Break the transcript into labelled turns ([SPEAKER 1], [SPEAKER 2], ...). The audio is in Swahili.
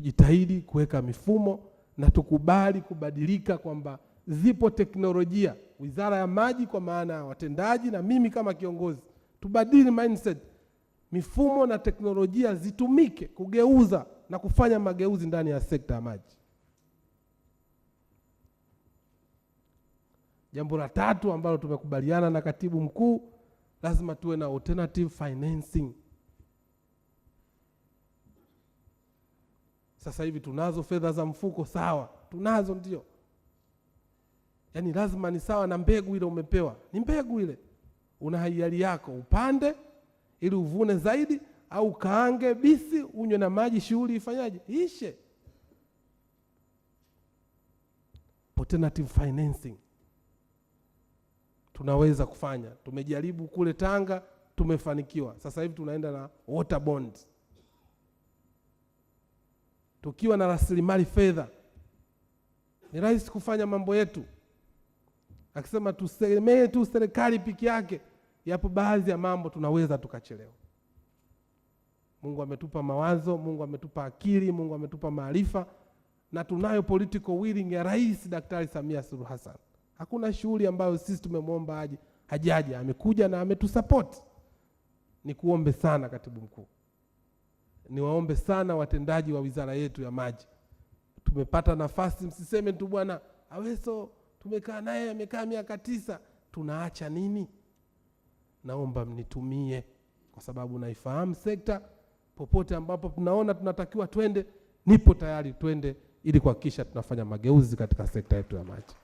[SPEAKER 1] tujitahidi kuweka mifumo na tukubali kubadilika kwamba zipo teknolojia. Wizara ya Maji kwa maana ya watendaji na mimi kama kiongozi, tubadili mindset, mifumo na teknolojia zitumike kugeuza na kufanya mageuzi ndani ya sekta ya maji. Jambo la tatu ambalo tumekubaliana na katibu mkuu, lazima tuwe na alternative financing Sasa hivi tunazo fedha za mfuko, sawa, tunazo ndio. Yaani lazima ni sawa na mbegu ile umepewa, ni mbegu ile, una hiari yako, upande ili uvune zaidi, au kaange bisi, unywe na maji, shughuli ifanyaje, ishe. Alternative financing tunaweza kufanya, tumejaribu kule Tanga, tumefanikiwa. Sasa hivi tunaenda na water bonds tukiwa na rasilimali fedha ni rahisi kufanya mambo yetu. Akisema tusemee tu serikali piki yake, yapo baadhi ya mambo tunaweza tukachelewa. Mungu ametupa mawazo, Mungu ametupa akili, Mungu ametupa maarifa, na tunayo political willing ya Rais Daktari Samia Suluhu Hassan. Hakuna shughuli ambayo sisi tumemwomba aje hajaja, amekuja na ametusupport. Nikuombe sana katibu mkuu niwaombe sana watendaji wa wizara yetu ya maji, tumepata nafasi, msiseme tu bwana Aweso tumekaa naye amekaa miaka tisa, tunaacha nini? Naomba mnitumie, kwa sababu naifahamu sekta. Popote ambapo tunaona tunatakiwa twende, nipo tayari twende, ili kuhakikisha tunafanya mageuzi katika sekta yetu ya maji.